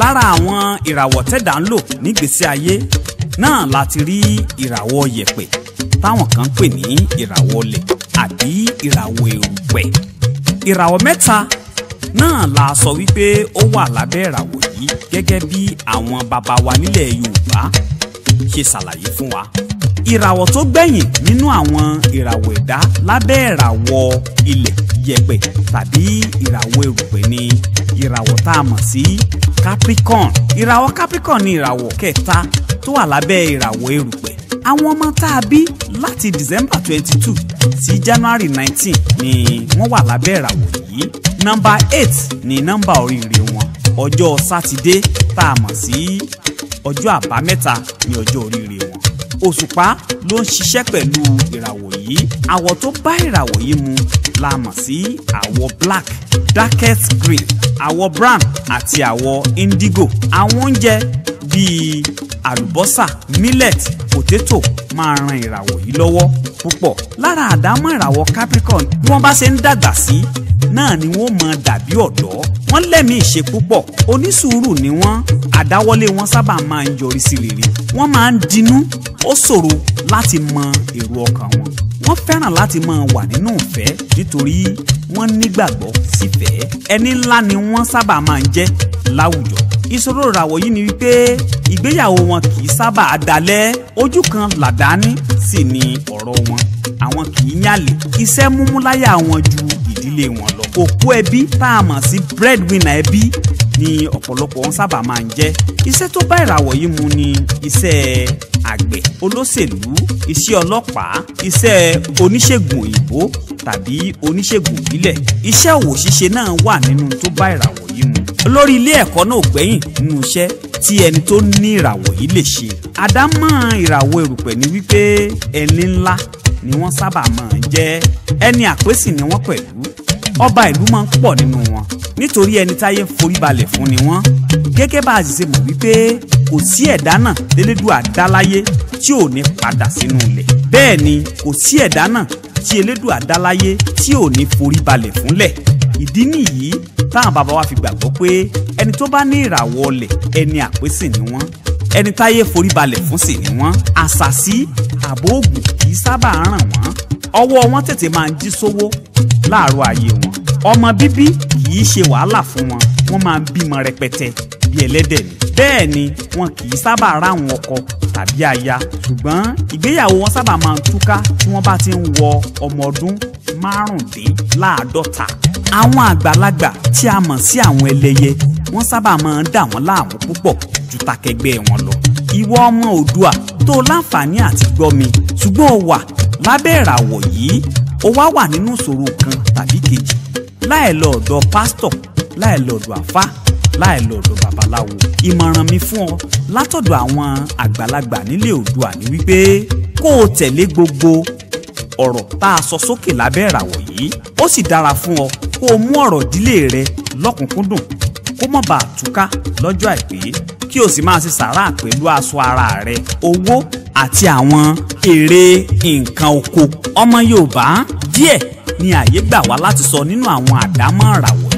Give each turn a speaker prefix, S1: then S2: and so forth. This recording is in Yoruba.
S1: lára àwọn ìràwọ̀ tẹ́dà ń lò nígbésí ayé náà láti rí ìràwọ̀ yẹ̀pẹ̀ táwọn kan pè ní ìràwọ̀ ọlẹ̀ àbí ìràwọ̀ erùpẹ̀ ìràwọ̀ mẹ́ta náà la sọ wípé ó wà lábẹ́ ìràwọ̀ yìí gẹ́gẹ́ bí àwọn baba wa nílẹ̀ Yorùbá ṣe ṣàlàyé fún wa ìràwọ̀ tó gbẹ̀yìn nínú àwọn ìràwọ̀ ẹ̀dá lábẹ́ ìràwọ̀ ilẹ̀ yẹ̀pẹ̀ tàbí ìràwọ̀ erùpẹ̀ ni ìràwọ̀ tá a mọ̀ sí Capricorn ìràwọ̀ Capricorn ni ìràwọ̀ kẹta tó wà lábẹ́ ìràwọ̀ erùpẹ̀ àwọn ọmọ tá a bí láti December twenty two sí January nineteen ni wọ́n wà lábẹ́ ìràwọ̀ yìí nọ́mbà eight ni nọ́mbà oríire wọn ọjọ́ sátidé tá a mọ̀ sí ọjọ́ àbámẹ́ta ni ọjọ́ oríire wọn òṣùpá ló ń ṣiṣẹ́ pẹ̀lú ìràwọ̀ yìí àwọ̀ tó bá ìràwọ̀ yìí mu la mọ̀ sí àwọ̀ black darkest green àwọ̀ brown àti àwọ̀ indigo àwọn oúnjẹ bíi àlùbọ́sà millet potato máa ran ìràwọ̀ yìí lọ́wọ́ púpọ̀ lára àdámọ́ ìràwọ̀ Capricorn bí wọ́n bá ṣe ń dàgbà sí náà ni wọ́n mọ dàbí ọ̀dọ́ wọ́n lẹ́mìí ṣe púpọ̀ onísùúrù ni wọ́n àdáwọ́lé wọn sábà máa ń yọrí sí rere wọ́n máa ń dinú ó ṣòro láti mọ èrò ọkàn wọn wọ́n fẹ́ràn láti máa wà nínú ìfẹ́ nítorí wọ́n nígbàgbọ́ sífẹ̀ẹ́ ẹni ńlá ni wọ́n sábà máa ń jẹ́ láwùjọ ìṣòro ìràwọ̀ yìí ni wípé ìgbéyàwó wọn kì í sábà dalẹ̀ ojú kan làdání sì ni ọ̀rọ̀ wọn àwọn kì í yàlè iṣẹ́ múmúláyà wọn ju ìdílé wọn lọ òkú ẹbí tá a mọ̀ sí breadwinner ẹbí ni ọ̀pọ̀lọpọ̀ wọn sábà máa ń jẹ́ iṣẹ́ tó bá ìràwọ̀ yìí mu ni iṣẹ́ àgbẹ̀ olóṣèlú iṣẹ́ ọlọ́pàá iṣẹ́ oníṣègùn òyìnbó tàbí oníṣègùn ìbílẹ̀ iṣẹ́ òwò ṣíṣe náà wà nínú tó bá ìràwọ̀ olórí ilé ẹ̀kọ́ náà gbẹ́yìn nínú iṣẹ́ tí ẹni tó ní ìràwọ̀ yìí lè ṣe àdámọ́ ìràwọ̀ erùpẹ̀ ni wípé ẹni ńlá ni wọ́n sábà máa ń jẹ́ ẹni àpèsì ni wọ́n pẹ̀lú ọba ìlú máa ń pọ̀ nínú wọn nítorí ẹni táyé ń foríbalẹ̀ fún ni wọ́n gẹ́gẹ́ bá a sì ṣe mọ̀ wípé kò sí ẹ̀dá náà lélédùà dá láyé tí ò ní padà sínú ilẹ̀ bẹ́ẹ̀ ni kò sí ẹ̀dá náà tí elédùà dá tí ò ní foríbalẹ̀ fúnlẹ̀ ìdí nìyí táwọn bàbá wa fi gbàgbọ́ pé ẹni tó bá ní ìràwọ̀ ọlẹ̀ ẹni àpèsè ni wọ́n ẹni táyé forí balẹ̀ fún sì ni wọ́n àṣàsí àbò ògùn kì í sábà ràn wọ́n ọwọ́ wọn tètè máa ń jí sówó láàárọ̀ ayé wọn ọmọ bíbí kì í ṣe wàhálà fún wọn wọ́n máa ń bímọ rẹpẹtẹ bí ẹlẹ́dẹ̀ ni bẹ́ẹ̀ ni wọn kì í sábà ráwọn ọkọ tàbí aya ṣùgbọ́n ìgbéyàwó wọn sábà máa ń túká tí wọ́n bá ti ń wọ ọmọ ọdún márùndínláàádọ́ta. àwọn àgbàlagbà tí a mọ̀ sí àwọn ẹlẹ́yẹ wọ́n sábà máa ń dà wọ́n láàmú púpọ̀ ju takẹgbẹ́ wọn lọ. ìwọ ọmọ Oòduà tó láǹfààní àti gbọ́ mi ṣùgbọ́n o wà lábẹ́ ìràwọ̀ yìí o wá wà nínú ìṣòro kan tàbí kejì láì lọ ọ̀dọ̀ pásítọ̀ láì lọ ọ̀dọ̀ àfáà láì lọ ọ̀dọ̀ babaláwo ìmọ̀ràn mi fún ọ látọ̀dọ̀ àwọn àgbàlagbà nílé Oòduà ni wípé kó o tẹ̀lé gbogbo ọ̀rọ̀ tá a sọ sókè lábẹ́ ìràwọ̀ yìí ó sì dára fún ọ kó o mú ọ̀rọ̀ ìdílé rẹ lọ́kùnkúndùn kó má bàa túká lọ́jọ́ àìpé kí o sì máa ṣe sàárà pẹ̀lú aṣọ ara rẹ owó àti àwọn èrè nǹkan oko ọmọ Yorùbá díẹ̀ ni àyè gbà wá láti sọ nínú àwọn àdámọ́